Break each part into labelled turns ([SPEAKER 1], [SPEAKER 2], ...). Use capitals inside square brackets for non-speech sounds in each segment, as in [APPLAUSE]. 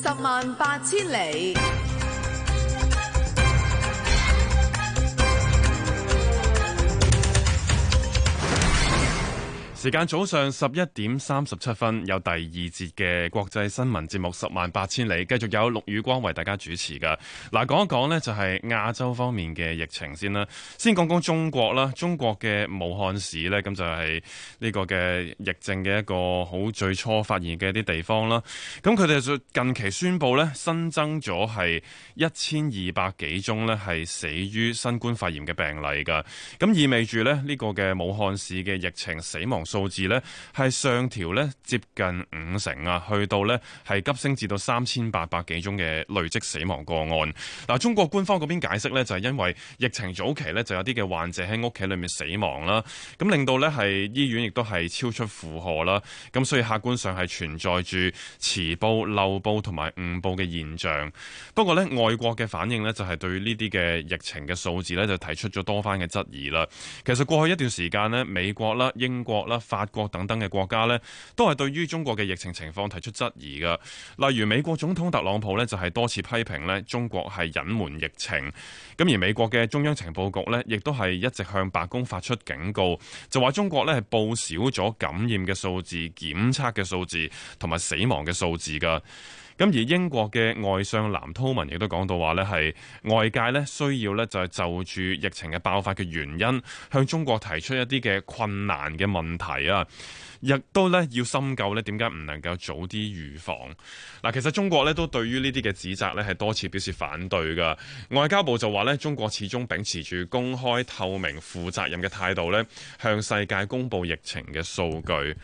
[SPEAKER 1] 十萬八千里。
[SPEAKER 2] 時間早上十一點三十七分，有第二節嘅國際新聞節目《十萬八千里》，繼續有陸宇光為大家主持嘅。嗱，講、啊、一講咧就係、是、亞洲方面嘅疫情先啦。先講講中國啦，中國嘅武漢市咧，咁就係、是、呢個嘅疫症嘅一個好最初發現嘅一啲地方啦。咁佢哋就近期宣布咧，新增咗係一千二百幾宗咧，係死於新冠肺炎嘅病例噶，咁意味住咧呢、這個嘅武漢市嘅疫情死亡數字呢，係上調呢，接近五成啊，去到呢，係急升至到三千八百幾宗嘅累積死亡個案。嗱，中國官方嗰邊解釋呢，就係因為疫情早期呢，就有啲嘅患者喺屋企裏面死亡啦，咁令到呢，係醫院亦都係超出負荷啦，咁所以客觀上係存在住遲報、漏報同埋誤報嘅現象。不過呢，外國嘅反應呢，就係對呢啲嘅疫情嘅數字呢，就提出咗多番嘅質疑啦。其實過去一段時間呢，美國啦、英國啦、法國等等嘅國家呢，都係對於中國嘅疫情情況提出質疑㗎。例如美國總統特朗普呢，就係多次批評呢中國係隱瞞疫情。咁而美國嘅中央情報局呢，亦都係一直向白宮發出警告，就話中國呢係報少咗感染嘅數字、檢測嘅數字同埋死亡嘅數字㗎。咁而英國嘅外相藍韜文亦都講到話咧，係外界咧需要咧就係就住疫情嘅爆發嘅原因，向中國提出一啲嘅困難嘅問題啊，亦都咧要深究咧點解唔能夠早啲預防。嗱，其實中國咧都對於呢啲嘅指責咧係多次表示反對嘅。外交部就話咧，中國始終秉持住公開、透明、負責任嘅態度咧，向世界公布疫情嘅數據。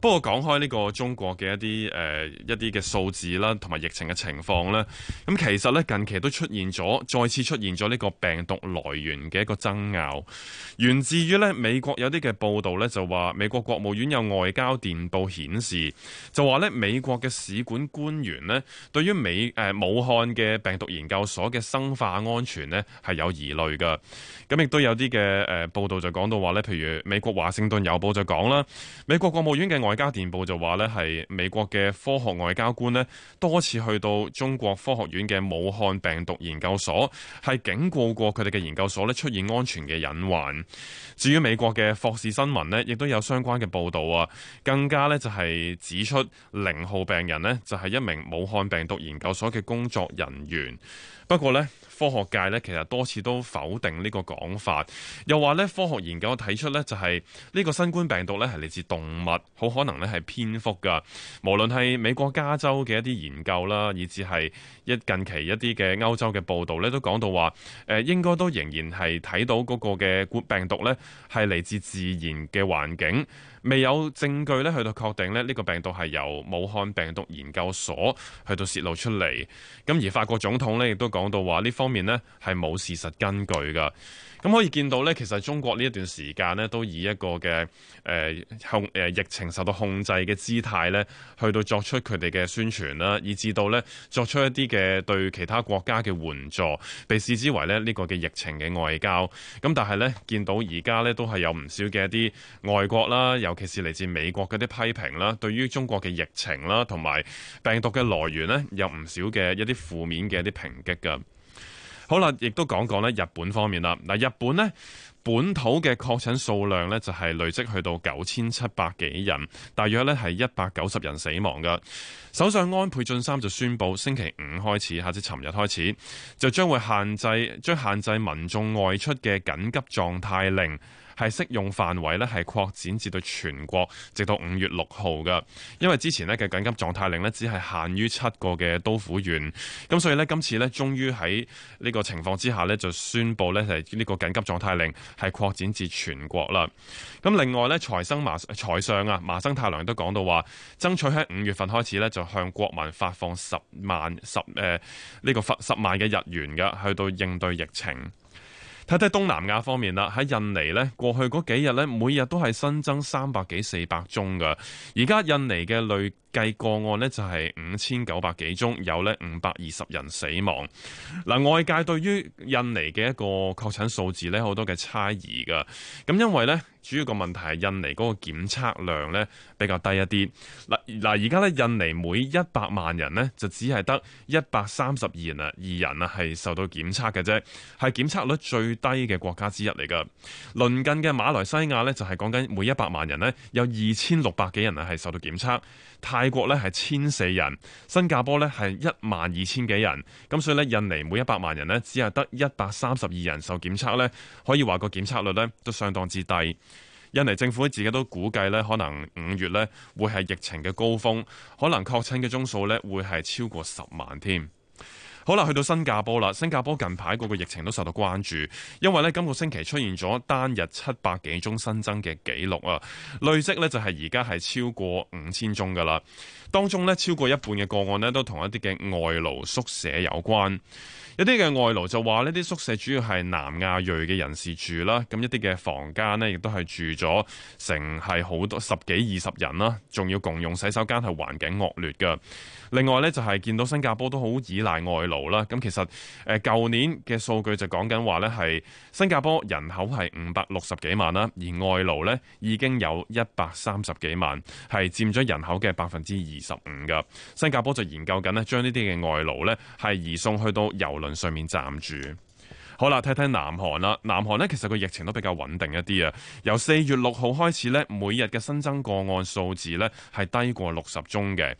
[SPEAKER 2] 不過講開呢個中國嘅一啲誒、呃、一啲嘅數字啦，同埋疫情嘅情況呢，咁其實呢近期都出現咗，再次出現咗呢個病毒來源嘅一個爭拗，源自於呢美國有啲嘅報道呢，就話美國國務院有外交電報顯示，就話呢美國嘅使館官員呢對於美誒、呃、武漢嘅病毒研究所嘅生化安全呢係有疑慮嘅。咁亦都有啲嘅誒報道就講到話呢譬如美國華盛頓郵報就講啦，美國國務院嘅外外交電報就話呢係美國嘅科學外交官呢多次去到中國科學院嘅武漢病毒研究所，係警告過佢哋嘅研究所呢出現安全嘅隱患。至於美國嘅霍士新聞呢，亦都有相關嘅報導啊，更加呢，就係指出零號病人呢，就係一名武漢病毒研究所嘅工作人員。不過呢，科學界咧其實多次都否定呢個講法。又話咧科學研究睇出呢，就係呢個新冠病毒咧係嚟自動物，好可能咧係蝙蝠噶。無論係美國加州嘅一啲研究啦，以至係一近期一啲嘅歐洲嘅報導咧，都講到話誒應該都仍然係睇到嗰個嘅病毒咧係嚟自自然嘅環境。未有證據咧，去到確定咧，呢個病毒係由武漢病毒研究所去到泄露出嚟。咁而法國總統呢，亦都講到話呢方面呢係冇事實根據噶。咁可以見到呢，其實中國呢一段時間呢都以一個嘅誒、呃、疫情受到控制嘅姿態呢去到作出佢哋嘅宣傳啦，以至到呢作出一啲嘅對其他國家嘅援助，被視之為咧呢、呢個嘅疫情嘅外交。咁但係呢，見到而家呢都係有唔少嘅一啲外國啦，有。尤其是嚟自美國嗰啲批評啦，對於中國嘅疫情啦，同埋病毒嘅來源呢，有唔少嘅一啲負面嘅一啲抨擊嘅。好啦，亦都講講咧日本方面啦。嗱，日本呢本土嘅確診數量呢，就係累積去到九千七百幾人，大約呢係一百九十人死亡嘅。首相安倍晉三就宣布，星期五開始，或者尋日開始，就將會限制，將限制民眾外出嘅緊急狀態令。係適用範圍呢係擴展至到全國，直到五月六號嘅。因為之前呢嘅緊急狀態令呢只係限於七個嘅都府縣。咁所以呢，今次呢終於喺呢個情況之下呢就宣布呢係呢個緊急狀態令係擴展至全國啦。咁另外呢，財生麻財相啊，麻生太郎都講到話，爭取喺五月份開始呢，就向國民發放十萬十誒呢、呃這個十萬嘅日元嘅，去到應對疫情。睇睇東南亞方面啦，喺印尼呢，過去嗰幾日呢，每日都係新增三百幾四百宗噶。而家印尼嘅累計個案呢，就係五千九百幾宗，有呢五百二十人死亡。嗱，外界對於印尼嘅一個確診數字呢，好多嘅猜疑噶，咁因為呢。主要個問題係印尼嗰個檢測量呢，比較低一啲。嗱嗱，而家呢，印尼每一百萬人呢就只係得一百三十二人啊，二人啊係受到檢測嘅啫，係檢測率最低嘅國家之一嚟㗎。鄰近嘅馬來西亞呢，就係講緊每一百萬人呢有二千六百幾人啊係受到檢測，泰國呢係千四人，新加坡呢係一萬二千幾人。咁所以呢，印尼每一百萬人呢只係得一百三十二人受檢測呢，可以話個檢測率呢都相當之低。印尼政府自己都估計咧，可能五月咧會係疫情嘅高峰，可能確診嘅宗數咧會係超過十萬添。好啦，去到新加坡啦，新加坡近排個個疫情都受到關注，因為咧今個星期出現咗單日七百幾宗新增嘅紀錄啊，累積咧就係而家係超過五千宗噶啦。當中呢超過一半嘅個案呢都同一啲嘅外勞宿舍有關，一啲嘅外勞就話呢啲宿舍主要係南亞裔嘅人士住啦，咁一啲嘅房間呢，亦都係住咗成係好多十幾二十人啦，仲要共用洗手間，係環境惡劣嘅。另外呢，就係見到新加坡都好依賴外勞啦，咁其實誒舊年嘅數據就講緊話呢係新加坡人口係五百六十幾萬啦，而外勞呢已經有一百三十幾萬，係佔咗人口嘅百分之二二十五噶新加坡，就研究緊呢，將呢啲嘅外勞呢係移送去到郵輪上面暫住好。好啦，睇睇南韓啦，南韓呢，其實個疫情都比較穩定一啲啊。由四月六號開始呢，每日嘅新增個案數字呢係低過六十宗嘅。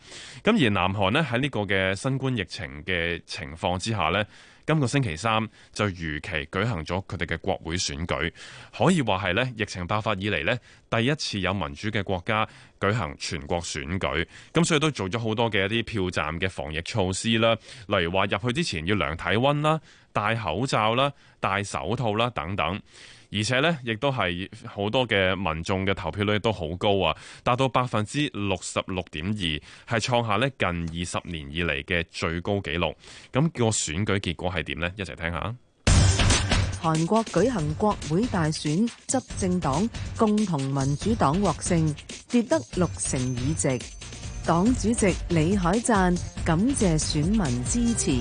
[SPEAKER 2] 咁而南韓呢，喺呢個嘅新冠疫情嘅情況之下呢。今個星期三就如期舉行咗佢哋嘅國會選舉，可以話係呢疫情爆發以嚟呢第一次有民主嘅國家舉行全國選舉，咁所以都做咗好多嘅一啲票站嘅防疫措施啦，例如話入去之前要量體溫啦、戴口罩啦、戴手套啦等等。而且呢，亦都係好多嘅民眾嘅投票率都好高啊，達到百分之六十六點二，係創下呢近二十年以嚟嘅最高紀錄。咁個選舉結果係點呢？一齊聽下。
[SPEAKER 1] 韓國舉行國會大選，執政黨共同民主黨獲勝，奪得六成議席。黨主席李海贊感謝選民支
[SPEAKER 2] 持。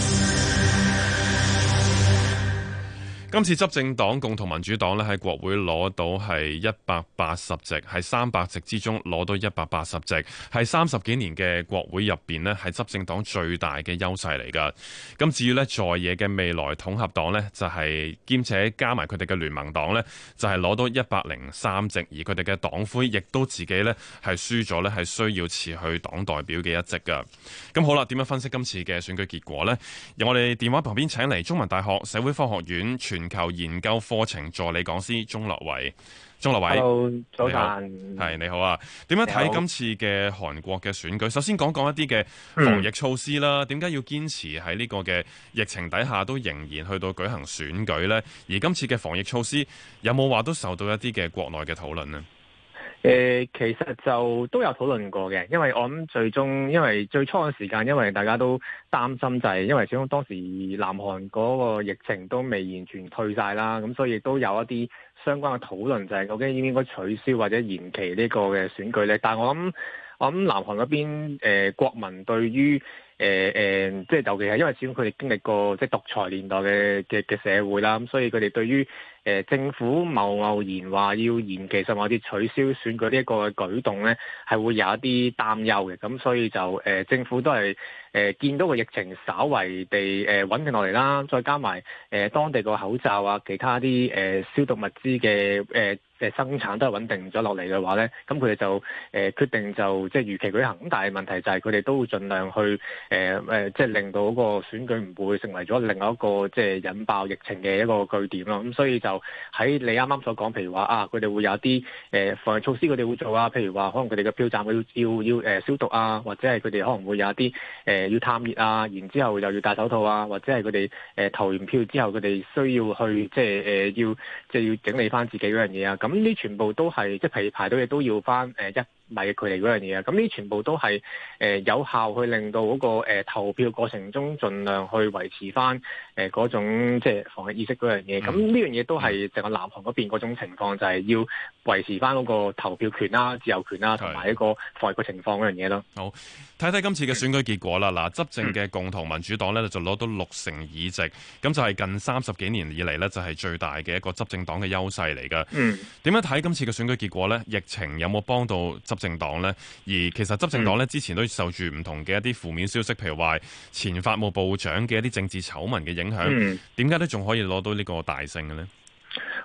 [SPEAKER 2] 今次執政黨共同民主黨呢喺國會攞到係一百八十席，係三百席之中攞到一百八十席，係三十幾年嘅國會入邊呢係執政黨最大嘅優勢嚟㗎。咁至於呢在野嘅未來統合黨呢，就係，就係兼且加埋佢哋嘅聯盟黨呢，就係攞到一百零三席，而佢哋嘅黨魁亦都自己呢，係輸咗呢係需要辭去黨代表嘅一席㗎。咁好啦，點樣分析今次嘅選舉結果呢？由我哋電話旁邊請嚟中文大學社會科學院全全球研究課程助理講師鍾樂偉，鍾樂偉，Hello, 好早晨，係你好啊。點樣睇今次嘅韓國嘅選舉？首先講講一啲嘅防疫措施啦。點解要堅持喺呢個嘅疫情底下都仍然去到舉行選舉呢？而今次嘅防疫措施有冇話都受到一啲嘅國內嘅討論呢？
[SPEAKER 3] 誒，嗯、其實就都有討論過嘅，因為我諗最終，因為最初嘅時間，因為大家都擔心就係、是，因為始終當時南韓嗰個疫情都未完全退晒啦，咁所以亦都有一啲相關嘅討論就係，究竟應唔應該取消或者延期呢個嘅選舉咧？但係我諗，我諗南韓嗰邊誒國民對於誒誒，即、呃、係、呃就是、尤其係因為始終佢哋經歷過即係獨裁年代嘅嘅嘅社會啦，咁所以佢哋對於。誒、呃，政府貿貿然話要延期，甚至取消選舉呢一個舉動咧，係會有一啲擔憂嘅。咁所以就誒、呃，政府都係誒、呃、見到個疫情稍為地誒穩、呃、定落嚟啦，再加埋誒、呃、當地個口罩啊，其他啲誒、呃、消毒物資嘅誒誒生產都係穩定咗落嚟嘅話咧，咁佢哋就誒、呃、決定就即係如期舉行。咁但係問題就係佢哋都會盡量去誒誒、呃，即係令到個選舉唔會成為咗另外一個即係引爆疫情嘅一個據點咯。咁所以就。就喺你啱啱所講，譬如話啊，佢哋會有一啲誒、呃、防疫措施，佢哋會做啊。譬如話，可能佢哋嘅票站佢要要誒、呃、消毒啊，或者係佢哋可能會有一啲誒、呃、要探熱啊，然之後又要戴手套啊，或者係佢哋誒投完票之後，佢哋需要去即係誒、呃、要即係要整理翻自己嗰樣嘢啊。咁呢全部都係即係譬如排到嘢都要翻誒、呃、一。咪距離嗰樣嘢啊！咁呢全部都係誒、呃、有效去令到嗰、那個、呃、投票過程中，盡量去維持翻誒嗰種即係防疫意識嗰樣嘢。咁呢樣嘢都係成個南韓嗰邊嗰種情況，就係、是、要維持翻嗰個投票權啦、啊、自由權啦、啊，同埋、嗯、一個防疫嘅情況嗰樣嘢咯。
[SPEAKER 2] 好，睇睇今次嘅選舉結果啦。嗱、嗯啊，執政嘅共同民主黨呢，就攞到六成議席，咁就係近三十幾年以嚟呢，就係最大嘅一個執政黨嘅優勢嚟㗎。嗯，點樣睇今次嘅選舉結果呢？疫情有冇幫到執？政黨呢，而其實執政黨呢，之前都受住唔同嘅一啲負面消息，譬如話前法務部長嘅一啲政治醜聞嘅影響，點解都仲可以攞到呢個大勝嘅呢？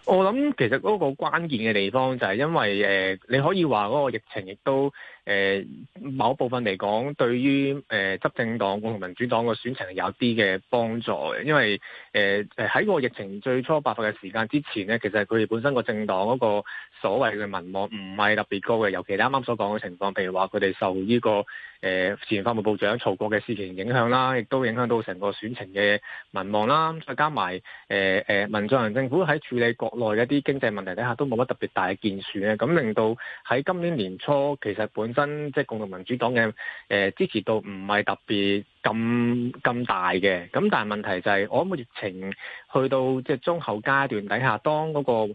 [SPEAKER 3] 我諗其實嗰個關鍵嘅地方就係因為誒、呃，你可以話嗰個疫情亦都誒、呃，某部分嚟講，對於誒執、呃、政黨共同民主黨個選情有啲嘅幫助嘅，因為誒誒喺個疫情最初爆發嘅時間之前咧，其實佢哋本身個政黨嗰個所謂嘅民望唔係特別高嘅，尤其啱啱所講嘅情況，譬如話佢哋受呢、這個誒、呃、前法務部長曹國嘅事情影響啦，亦都影響到成個選情嘅民望啦，再加埋誒誒，文在寅政府喺處理國內一啲經濟問題底下都冇乜特別大嘅建樹咧，咁令到喺今年年初，其實本身即係、就是、共同民主黨嘅誒支持度唔係特別，咁咁大嘅，咁但係問題就係、是、我諗疫情去到即係中後階段底下，當嗰、那個誒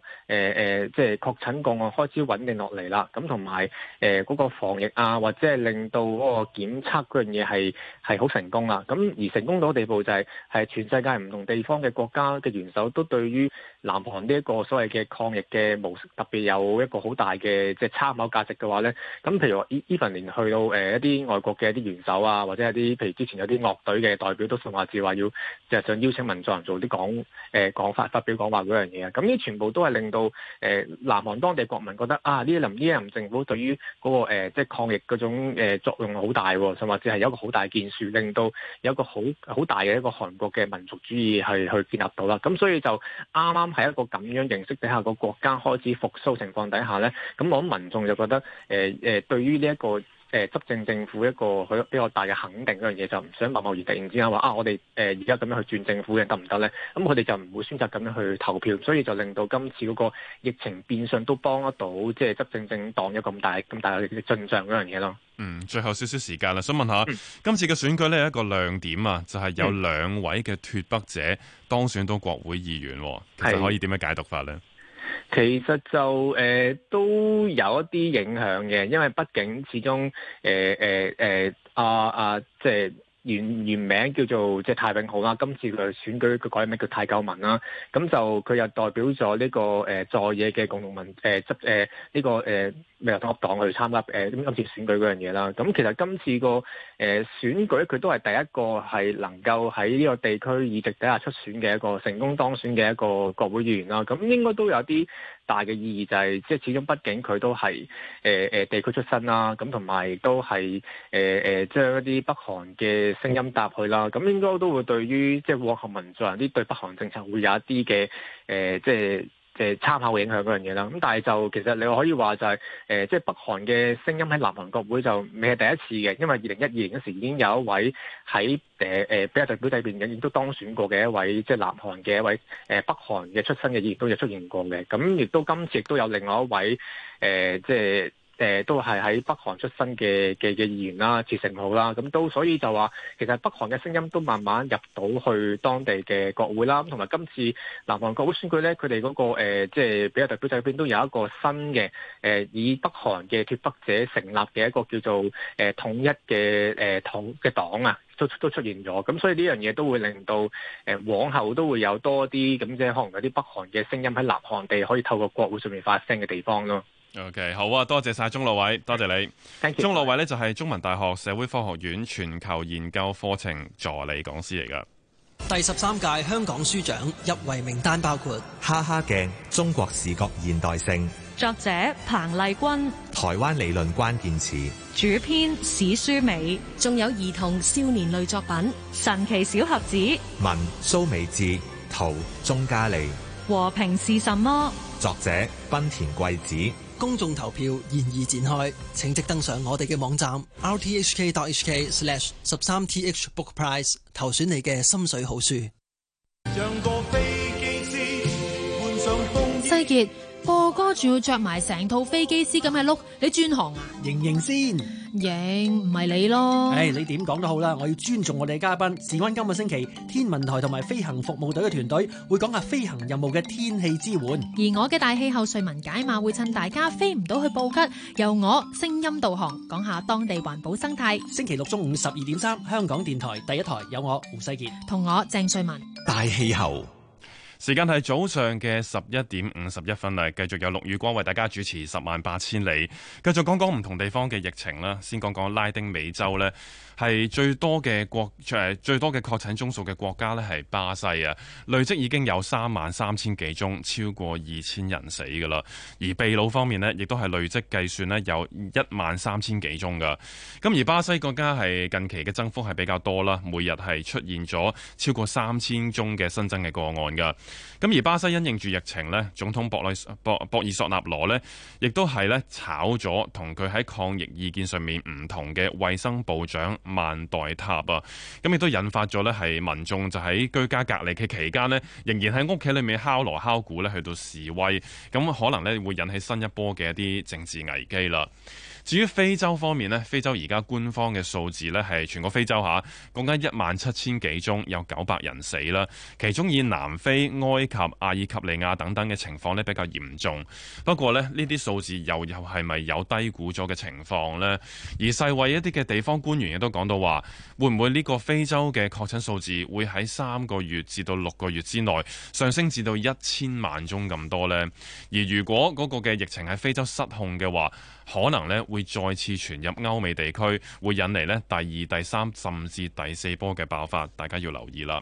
[SPEAKER 3] 誒即係確診個案開始穩定落嚟啦，咁同埋誒嗰個防疫啊，或者係令到嗰個檢測嗰樣嘢係係好成功啦，啊，咁而成功到嘅地步就係、是、係全世界唔同地方嘅國家嘅元首都對於南韓呢一個所謂嘅抗疫嘅模式特別有一個好大嘅即係參考價值嘅話咧，咁譬如話 even 年去到誒一啲外國嘅一啲元首啊，或者係啲譬如之前。有啲樂隊嘅代表都甚至，至話要就係想邀請民眾做啲講誒講法、發表講話嗰樣嘢啊！咁呢，全部都係令到誒、呃、南韓當地國民覺得啊，呢一任呢一任政府對於嗰、那個、呃、即係抗疫嗰種、呃、作用好大、哦，甚至係有一個好大建樹，令到有一個好好大嘅一個韓國嘅民族主義係去建立到啦。咁所以就啱啱喺一個咁樣形式底下，個國家開始復甦情況底下咧，咁我諗民眾就覺得誒誒、呃呃，對於呢、這、一個。誒執政政府一個比較大嘅肯定嗰樣嘢，就唔想貿貿然突然之間話啊，我哋誒而家咁樣去轉政府嘅得唔得呢？咁佢哋就唔會選擇咁樣去投票，所以就令到今次嗰個疫情變相都幫得到，即係執政政黨一個咁大咁大嘅進賬嗰樣嘢囉。嗯，
[SPEAKER 2] 最後少少時間啦，想問下、嗯、今次嘅選舉呢，一個亮點呀，就係有兩位
[SPEAKER 3] 嘅脫北者當選到國會議員喎，其實可以點樣解讀法呢？其實就誒、呃、都有一啲影響嘅，因為畢竟始終誒誒誒啊啊，即係。原原名叫做即係太永浩啦，今次佢選舉佢改名叫太救民啦，咁就佢又代表咗呢、這個誒、呃、在野嘅共同民誒、呃、執誒呢、呃這個誒未來黨黨去參加誒、呃、今次選舉嗰樣嘢啦，咁其實今次個誒、呃、選舉佢都係第一個係能夠喺呢個地區議席底下出選嘅一個成功當選嘅一個國會議員啦，咁應該都有啲。大嘅意義就係、是，即係始終畢竟佢都係誒誒地區出身啦，咁同埋都係誒誒將一啲北韓嘅聲音搭去啦，咁應該都會對於即係國合民族人啲對北韓政策會有一啲嘅誒即係。呃就是即係參考影響嗰樣嘢啦，咁但係就其實你可以話就係、是、誒，即、呃、係、就是、北韓嘅聲音喺南韓國會就未係第一次嘅，因為二零一二年嗰時已經有一位喺誒誒比例代表嗰邊亦都當選過嘅一位即係、就是、南韓嘅一位誒、呃、北韓嘅出身嘅議員都有出現過嘅，咁、嗯、亦都今次亦都有另外一位誒即係。呃就是誒都係喺北韓出身嘅嘅嘅議員啦，池成浩啦，咁都所以就話其實北韓嘅聲音都慢慢入到去當地嘅國會啦，咁同埋今次南韓國會選舉咧，佢哋嗰個即係、呃就是、比較代表側邊，都有一個新嘅誒、呃、以北韓嘅脫北者成立嘅一個叫做誒、呃、統一嘅誒、呃、統嘅黨啊，都都出現咗，咁所以呢樣嘢都會令到誒、呃、往後都會有多啲咁即係可能有啲北韓嘅聲音喺南韓地可以透過國會上面發聲嘅地方咯。
[SPEAKER 2] OK，好啊！多謝晒鍾樂偉，多謝你。鍾樂偉呢，就係中文大學社會科學院全球研究課程助理講師嚟㗎。第
[SPEAKER 3] 十三屆香港書獎入圍名單包括《哈哈鏡：中國視覺現代性》，
[SPEAKER 1] 作者彭麗君；
[SPEAKER 3] 台灣理論關鍵詞，
[SPEAKER 1] 主編史書美；仲有兒童少年類作品《神奇小盒子》文，
[SPEAKER 3] 文蘇美智，圖鍾嘉利；
[SPEAKER 1] 《和平是什麼》，
[SPEAKER 3] 作者濱田貴子。公眾投票現已展開，請即登上我哋嘅網站 rthk.hk/slash 十三 thbookprize th 投選你嘅心水好書。飛機換上風西杰。播歌仲要着埋成套飛機師咁嘅 look，你轉行啊？贏贏先，贏唔係你咯？誒，你點講都好啦，我要尊重我哋嘉賓。事關今個星期天文台同埋飛行服務隊嘅團隊會講下飛行任務嘅天氣支援，
[SPEAKER 1] 而我嘅大氣候瑞文解碼會趁大家飛唔到去布吉，由我聲音導航講下當地環保生態。
[SPEAKER 3] 星期六中午十二點三，香港電台第一台有我胡世杰同我鄭
[SPEAKER 1] 瑞文
[SPEAKER 2] 大氣候。時間係早上嘅十一點五十一分啦，繼續有陸宇光為大家主持《十萬八千里》，繼續講講唔同地方嘅疫情啦。先講講拉丁美洲呢，係最多嘅國，誒最多嘅確診宗數嘅國家呢係巴西啊，累積已經有三萬三千幾宗，超過二千人死噶啦。而秘魯方面呢亦都係累積計算呢有一萬三千幾宗噶。咁而巴西國家係近期嘅增幅係比較多啦，每日係出現咗超過三千宗嘅新增嘅個案噶。咁而巴西因應住疫情呢，總統博內博博爾索納羅呢亦都係咧炒咗同佢喺抗疫意見上面唔同嘅衛生部長萬代塔啊，咁亦都引發咗呢係民眾就喺居家隔離嘅期間呢，仍然喺屋企裏面敲鑼敲鼓呢去到示威，咁可能呢會引起新一波嘅一啲政治危機啦。至於非洲方面咧，非洲而家官方嘅數字咧係全個非洲嚇共計一萬七千幾宗，有九百人死啦。其中以南非、埃及、阿爾及利亞等等嘅情況咧比較嚴重。不過咧，呢啲數字又又係咪有低估咗嘅情況呢？而世衛一啲嘅地方官員亦都講到話，會唔會呢個非洲嘅確診數字會喺三個月至到六個月之內上升至到一千萬宗咁多呢？而如果嗰個嘅疫情喺非洲失控嘅話，可能呢會再次傳入歐美地區，會引嚟呢第二、第三甚至第四波嘅爆發，大家要留意啦。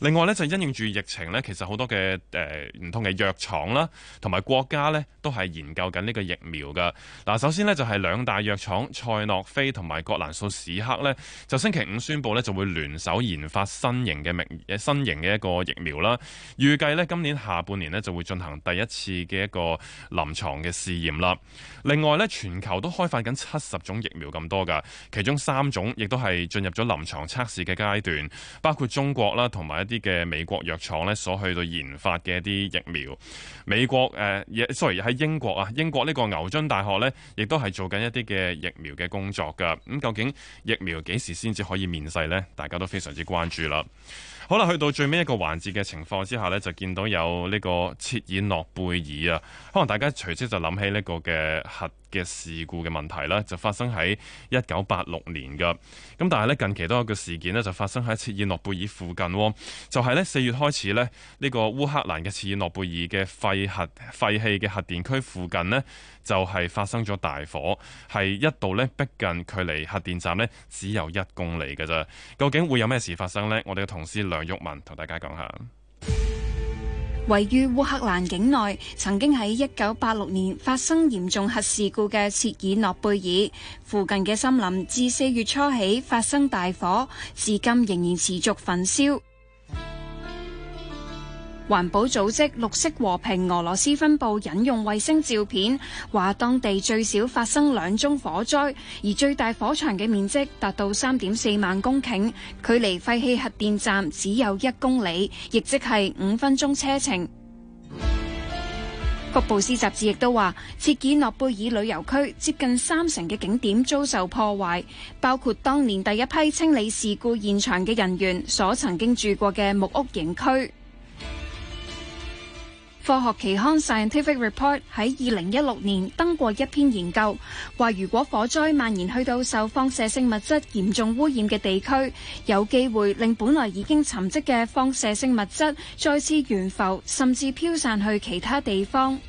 [SPEAKER 2] 另外咧，就因應住疫情咧，其實好多嘅，誒唔同嘅藥廠啦，同埋國家呢，都係研究緊呢個疫苗噶。嗱，首先呢，就係兩大藥廠賽諾菲同埋葛蘭素史克呢，就星期五宣布呢，就會聯手研發新型嘅，名新型嘅一個疫苗啦。預計呢，今年下半年呢，就會進行第一次嘅一個臨床嘅試驗啦。另外呢，全球都開發緊七十種疫苗咁多噶，其中三種亦都係進入咗臨床測試嘅階段，包括中國啦。同埋一啲嘅美國藥廠咧，所去到研發嘅一啲疫苗，美國誒、uh，sorry 喺英國啊，uh, 英國呢個牛津大學呢，亦都係做緊一啲嘅疫苗嘅工作噶。咁、嗯、究竟疫苗幾時先至可以面世呢？大家都非常之關注啦。好啦，去到最尾一個環節嘅情況之下咧，就見到有呢個切爾諾貝爾啊，可能大家隨即就諗起呢個嘅核嘅事故嘅問題啦，就發生喺一九八六年噶。咁但係咧，近期都有個事件咧，就發生喺切爾諾貝爾附近，就係咧，四月開始咧呢個烏克蘭嘅切爾諾貝爾嘅廢核廢棄嘅核電區附近咧，就係發生咗大火，係一度咧逼近距離核電站咧只有一公里嘅啫。究竟會有咩事發生咧？我哋嘅同事梁鈺雯同
[SPEAKER 1] 大家講下，位於烏克蘭境內，曾經喺一九八六年發生嚴重核事故嘅切爾諾貝爾附近嘅森林，自四月初起發生大火，至今仍然持續焚燒。環保組織綠色和平俄羅斯分部引用衛星照片，話當地最少發生兩宗火災，而最大火場嘅面積達到三點四萬公頃，距離廢棄核電站只有一公里，亦即係五分鐘車程。福布 [NOISE] 斯雜誌亦都話，切爾諾貝爾旅遊區接近三成嘅景點遭受破壞，包括當年第一批清理事故現場嘅人員所曾經住過嘅木屋營區。《科學期刊 Scientific Report》喺二零一六年登過一篇研究，話如果火災蔓延去到受放射性物質嚴重污染嘅地區，有機會令本來已經沉積嘅放射性物質再次懸浮，甚至飄散去其他地方。 [NOISE]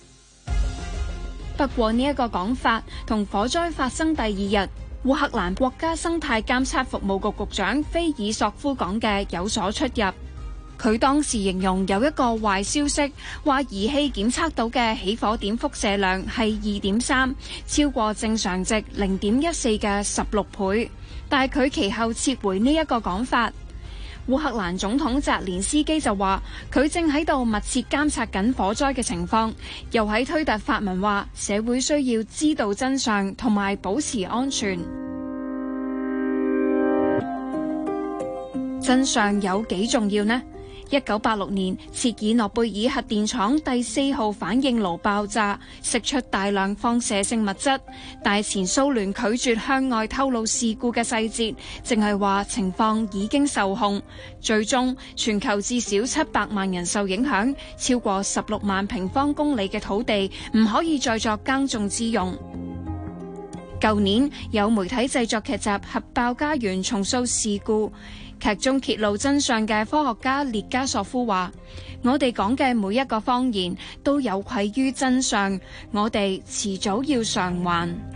[SPEAKER 1] 不過呢一個講法同火災發生第二日烏克蘭國家生態監測服務局局長菲爾索夫講嘅有所出入，佢當時形容有一個壞消息，話儀器檢測到嘅起火點輻射量係二點三，超過正常值零點一四嘅十六倍，但係佢其後撤回呢一個講法。烏克蘭總統澤連斯基就話，佢正喺度密切監察緊火災嘅情況，又喺推特發文話，社會需要知道真相同埋保持安全。真相有幾重要呢？一九八六年，切爾諾貝爾核電廠第四號反應爐爆炸，釋出大量放射性物質。大前蘇聯拒絕向外透露事故嘅細節，淨係話情況已經受控。最終，全球至少七百萬人受影響，超過十六萬平方公里嘅土地唔可以再作耕種之用。舊年有媒體製作劇集《核爆家園》，重塑事故。劇中揭露真相嘅科學家列加索夫話：我哋講嘅每一個謊言都有愧於真相，我哋遲早要償還。